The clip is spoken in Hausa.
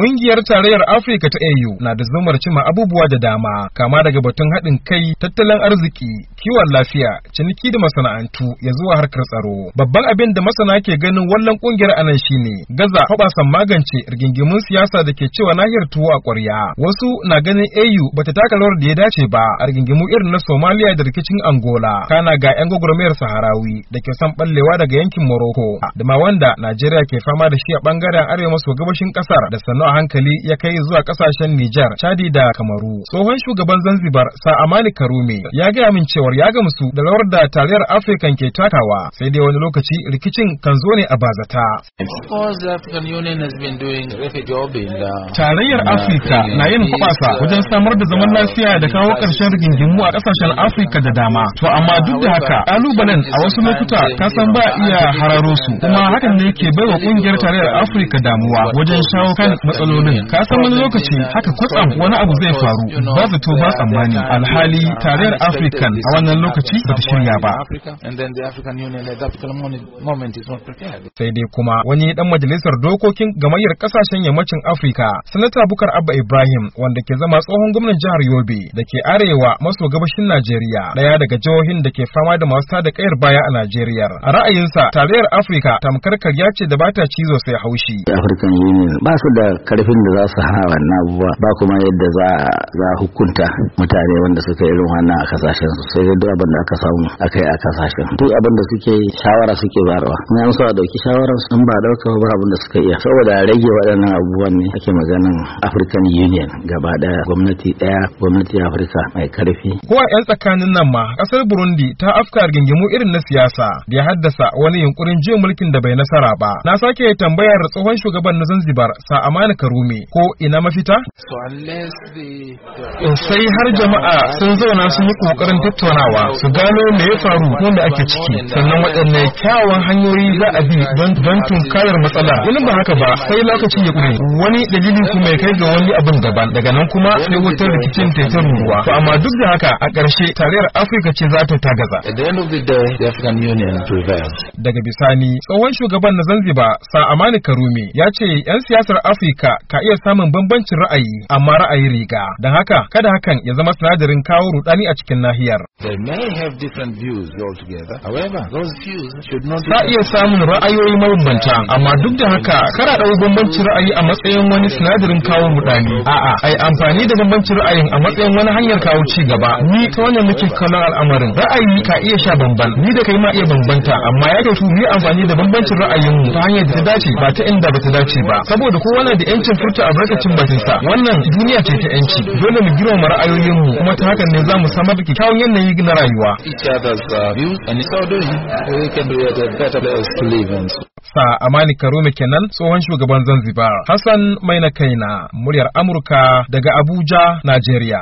Ƙungiyar Tarayyar Afirka ta AU na da zumar cima abubuwa da dama, kama daga batun haɗin kai, tattalin arziki, kiwon lafiya, ciniki da masana'antu ya zuwa harkar tsaro. Babban abin da masana ke ganin wallan ƙungiyar anan shine gaza hoɓasan magance rigingimun siyasa da ke cewa nahiyar tuwo a ƙwarya. Wasu na ganin AU bata taka rawar da ya dace ba a rigingimu irin na Somalia da rikicin Angola. Kana ga 'yan gwagwarmayar Saharawi da ke son ɓallewa daga yankin Morocco da ma wanda Najeriya ke fama da shi a ɓangaren arewa maso gabashin ƙasar da sannu a hankali ya kai zuwa kasashen Nijar, Chadi da Kamaru. Tsohon shugaban Zanzibar Sa Amani Karume ya gaya min cewar ya gamsu da rawar da tarayyar Afirka ke takawa, sai dai wani lokaci rikicin kan zo ne a bazata. Tarayyar Afirka na yin hoɓasa wajen samar da zaman lafiya da kawo ƙarshen rigingimu a ƙasashen Afirka da dama. To amma duk da haka ƙalubalen a wasu lokuta ta san ba iya hararo su kuma hakan ne ke baiwa ƙungiyar tarayyar Afirka damuwa wajen shawo kan matsalolin ka san wani lokaci haka kwatsam wani abu zai faru ba zato ba tsammani alhali tarayyar african a wannan lokaci ba ta shirya ba sai dai kuma wani dan majalisar dokokin gamayyar kasashen yammacin afirka sanata bukar abba ibrahim wanda ke zama tsohon gwamnan jihar yobe da ke arewa maso gabashin najeriya daya daga jihohin da ke fama da masu tada kayar baya a najeriya a ra'ayinsa tarayyar afirka tamkar karya ce da bata cizo sai haushi african ba su da karfin da za su hana wannan abubuwa ba kuma yadda za a hukunta mutane wanda suka irin wannan a kasashen su sai duk abin da aka samu akai a kasashen duk abin da suke shawara suke barawa in an so a dauki shawara in ba dauka ba abin da suka iya saboda rage waɗannan abubuwan ne ake maganan African Union gaba daya gwamnati daya gwamnati Afirka mai karfi ko a yan tsakanin nan ma kasar Burundi ta afka gingimu irin na siyasa da ya haddasa wani yunkurin juyin mulkin da bai nasara ba na sake tambayar tsohon shugaban na Zanzibar sa amana rume ko ina mafita sai har jama'a sun zauna sun yi kokarin tattaunawa su gano me ya faru da ake ciki sannan waɗanne kyawawan hanyoyi za a bi don tunkarar matsala In ba haka ba sai lokaci ya ƙure wani dalili kuma ya kai ga wani abin daban daga nan kuma sai wutar rikicin ta ta ruwa to amma duk da haka a ƙarshe tarayyar afirka ce za ta tagaza daga bisani tsohon shugaban na zanzibar sa amani karume ya ce 'yan siyasar afirka ka ka iya samun bambancin ra'ayi amma ra'ayi riga. Don haka kada hakan ya zama sinadarin kawo rudani a cikin nahiyar. Za iya samun ra'ayoyi mabambanta amma duk da haka kada ɗau bambancin ra'ayi a matsayin wani sinadarin kawo rudani. A'a, ai amfani da bambancin ra'ayin a matsayin wani hanyar kawo ci gaba. Ni ta wannan muke kallon al'amarin. Ra'ayi ka iya sha bamban. Ni da kai ma iya bambanta amma ya kai su yi amfani da bambancin ra'ayin mu ta hanyar da ta dace ba ta inda ba ta dace ba. Saboda kowa na da yancin furta albarkacin batinsa wannan duniya ce ta yanci dole mu girmama ra'ayoyinmu kuma ta hakan ne za mu samar da kyakkyawan yanayi na rayuwa uh, sa amani karume kenan tsohon shugaban zanzibar hassan maina kaina muryar amurka daga abuja najeriya